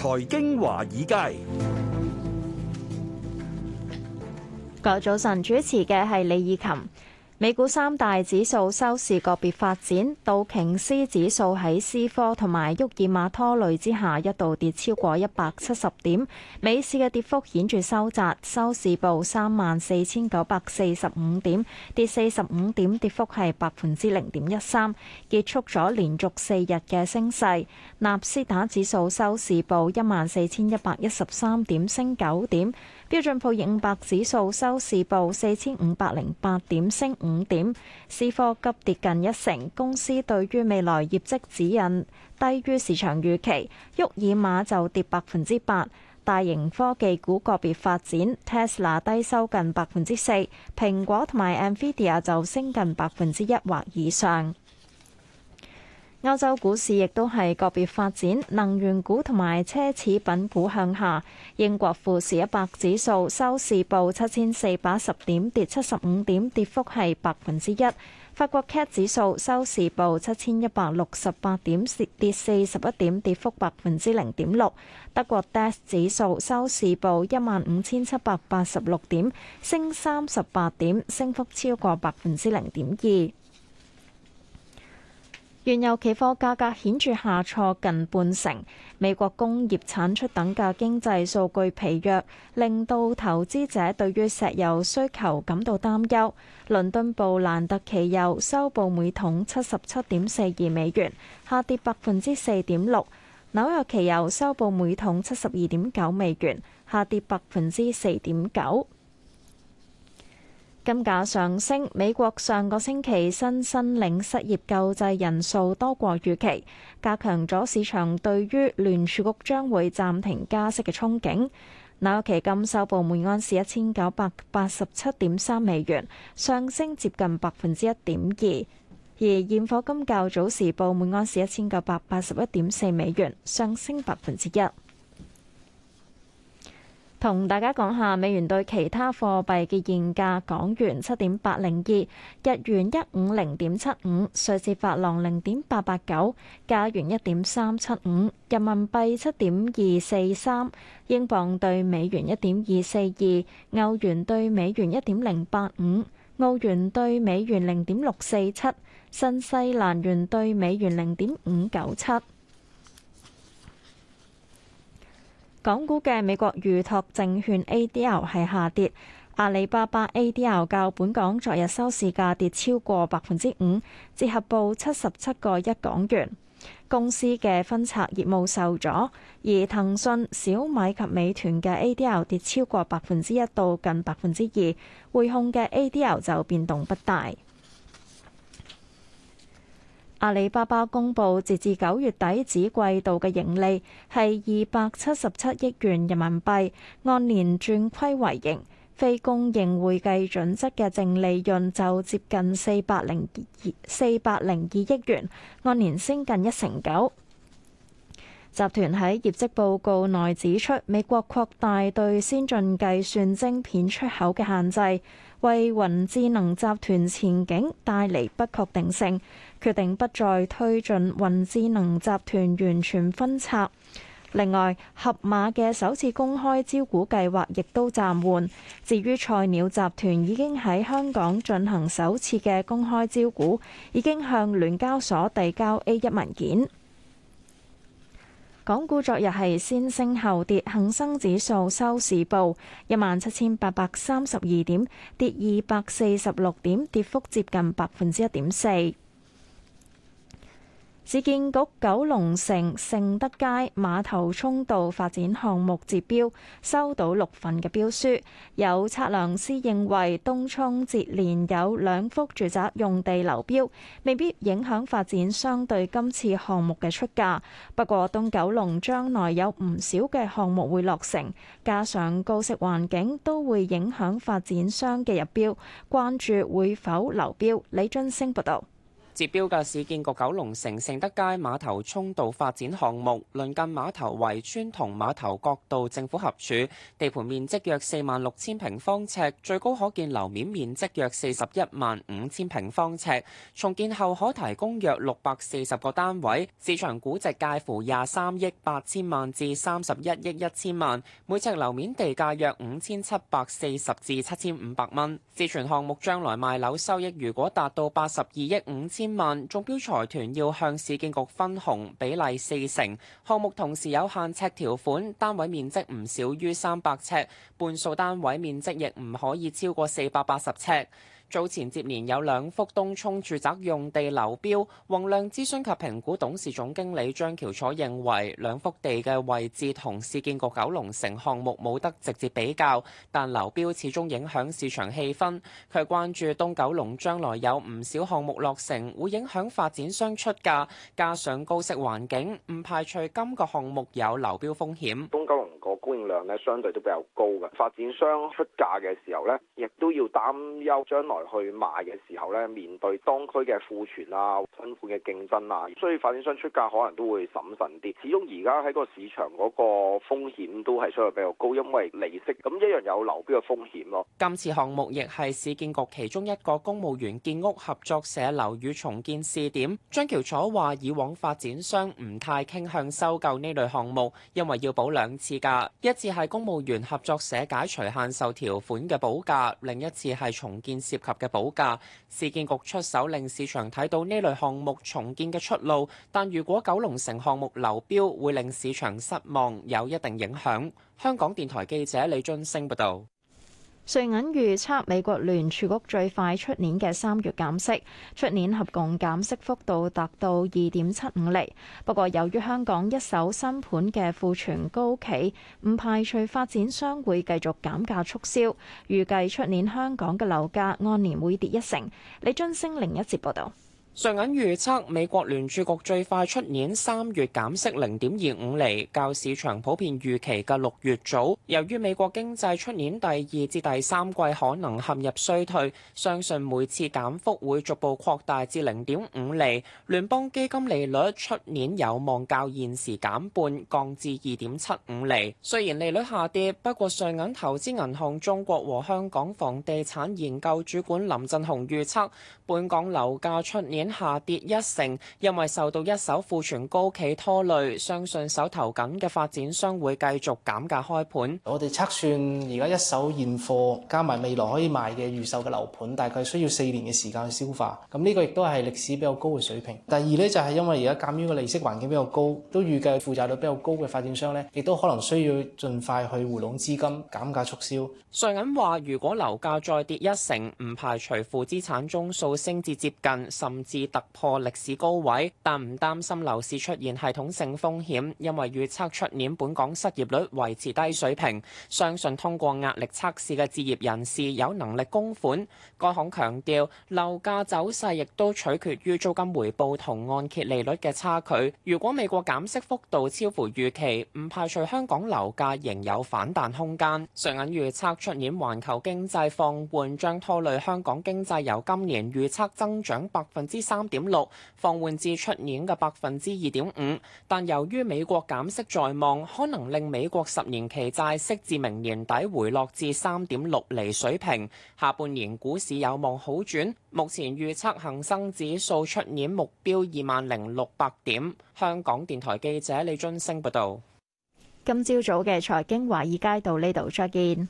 財經華爾街，各位早晨，主持嘅係李綺琴。美股三大指數收市個別發展，道瓊斯指數喺思科同埋沃爾瑪拖累之下，一度跌超過一百七十點。美市嘅跌幅顯著收窄，收市報三萬四千九百四十五點，跌四十五點，跌幅係百分之零點一三，結束咗連續四日嘅升勢。納斯達指數收市報一萬四千一百一十三點，升九點。標準普爾五百指數收市報四千五百零八點，升五。五點，思科急跌近一成。公司對於未來業績指引低於市場預期。沃爾瑪就跌百分之八。大型科技股個別發展，Tesla 低收近百分之四，蘋果同埋 NVIDIA 就升近百分之一或以上。歐洲股市亦都係個別發展，能源股同埋奢侈品股向下。英國富時一百指數收市報七千四百十點，跌七十五點，跌幅係百分之一。法國 CAC 指數收市報七千一百六十八點，跌四十一點，跌幅百分之零點六。德國 DAX 指數收市報一萬五千七百八十六點，升三十八點，升幅超過百分之零點二。原油期貨價格顯著下挫近半成，美國工業產出等價經濟數據疲弱，令到投資者對於石油需求感到擔憂。倫敦布蘭特期油收報每桶七十七點四二美元，下跌百分之四點六；紐約期油收報每桶七十二點九美元，下跌百分之四點九。金價上升，美國上個星期新申領失業救濟人數多過預期，加強咗市場對於聯儲局將會暫停加息嘅憧憬。紐約期金收報每盎司一千九百八十七點三美元，上升接近百分之一點二；而現貨金較早時報每盎司一千九百八十一點四美元，上升百分之一。同大家講下美元對其他貨幣嘅現價：港元七點八零二，日元一五零點七五，瑞士法郎零點八八九，加元一點三七五，人民幣七點二四三，英鎊對美元一點二四二，歐元對美元一點零八五，澳元對美元零點六四七，新西蘭元對美元零點五九七。港股嘅美國預託證券 ADL 係下跌，阿里巴巴 ADL 較本港昨日收市價跌超過百分之五，折合報七十七個一港元。公司嘅分拆業務受阻，而騰訊、小米及美團嘅 ADL 跌超過百分之一到近百分之二，匯控嘅 ADL 就變動不大。阿里巴巴公布截至九月底止季度嘅盈利係二百七十七億元人民幣，按年轉虧為盈，非公認會計準則嘅淨利潤就接近四百零二四百零二億元，按年升近一成九。集團喺業績報告內指出，美國擴大對先進計算晶片出口嘅限制，為雲智能集團前景帶嚟不確定性。決定不再推進雲智能集團完全分拆。另外，盒馬嘅首次公開招股計劃亦都暫緩。至於菜鳥集團已經喺香港進行首次嘅公開招股，已經向聯交所遞交 A1 文件。港股昨日係先升後跌，恒生指數收市報一萬七千八百三十二點，跌二百四十六點，跌幅接近百分之一點四。市建局九龍城盛德街馬頭涌道發展項目截標，收到六份嘅標書，有測量師認為東涌接連有兩幅住宅用地流標未必影響發展商對今次項目嘅出價，不過東九龍將來有唔少嘅項目會落成，加上高息環境，都會影響發展商嘅入標，關注會否流標，李津升報道。接標嘅市建局九龍城盛德街馬頭涌道發展項目，鄰近馬頭圍邨同馬頭角道政府合署，地盤面積約四萬六千平方尺，最高可建樓面面積約四十一萬五千平方尺。重建後可提供約六百四十個單位，市場估值介乎廿三億八千萬至三十一億一千萬，每尺樓面地價約五千七百四十至七千五百蚊。自存項目將來賣樓收益，如果達到八十二億五千萬中標財團要向市建局分紅比例四成，項目同時有限尺條款，單位面積唔少於三百尺，半數單位面積亦唔可以超過四百八十尺。早前接連有兩幅東涌住宅用地流標，宏亮諮詢及評估董事總經理張喬楚認為，兩幅地嘅位置同市建局九龍城項目冇得直接比較，但流標始終影響市場氣氛。佢關注東九龍將來有唔少項目落成，會影響發展商出價，加上高息環境，唔排除今個項目有流標風險。東九龍個供應量呢，相對都比較高嘅，發展商出價嘅時候呢，亦都要擔憂將來去賣嘅時候呢，面對當區嘅庫存啊、新盤嘅競爭啊，所以發展商出價可能都會審慎啲。始終而家喺個市場嗰個風險都係相對比較高，因為利息咁一樣有流標嘅風險咯。今次項目亦係市建局其中一個公務員建屋合作社樓宇重建試點。張翹楚話：以往發展商唔太傾向收購呢類項目，因為要補兩次價。一次係公務員合作社解除限售條款嘅補價，另一次係重建涉及嘅補價。市建局出手令市場睇到呢類項目重建嘅出路，但如果九龍城項目流標，會令市場失望，有一定影響。香港電台記者李津升報道。瑞銀預測美國聯儲局最快出年嘅三月減息，出年合共減息幅度達到二點七五厘。不過，由於香港一手新盤嘅庫存高企，唔排除發展商會繼續減價促銷。預計出年香港嘅樓價按年會跌一成。李津升另一節報導。瑞銀預測美國聯儲局最快出年三月減息零點二五厘，較市場普遍預期嘅六月早。由於美國經濟出年第二至第三季可能陷入衰退，相信每次減幅會逐步擴大至零點五厘。聯邦基金利率出年有望較現時減半，降至二點七五厘。雖然利率下跌，不過瑞銀投資銀行中國和香港房地產研究主管林振雄預測，本港樓價出年下跌一成，因為受到一手庫存高企拖累，相信手頭緊嘅發展商會繼續減價開盤。我哋測算而家一手現貨加埋未來可以賣嘅預售嘅樓盤，大概需要四年嘅時間去消化。咁、這、呢個亦都係歷史比較高嘅水平。第二呢，就係因為而家鑒於個利息環境比較高，都預計負債率比較高嘅發展商呢，亦都可能需要盡快去回籠資金，減價促銷。瑞銀話，如果樓價再跌一成，唔排除負資產宗數升至接近，甚至。至突破歷史高位，但唔擔心樓市出現系統性風險，因為預測出年本港失業率維持低水平，相信通過壓力測試嘅置業人士有能力供款。該行強調樓價走勢亦都取決於租金回報同按揭利率嘅差距。如果美國減息幅度超乎預期，唔排除香港樓價仍有反彈空間，瑞銀預測出年環球經濟放緩將拖累香港經濟由今年預測增長百分之三點六放緩至出年嘅百分之二點五，但由於美國減息在望，可能令美國十年期債息至明年底回落至三點六厘水平。下半年股市有望好轉，目前預測恒生指數出年目標二萬零六百點。香港電台記者李津升報道。今朝早嘅財經華爾街到呢度再見。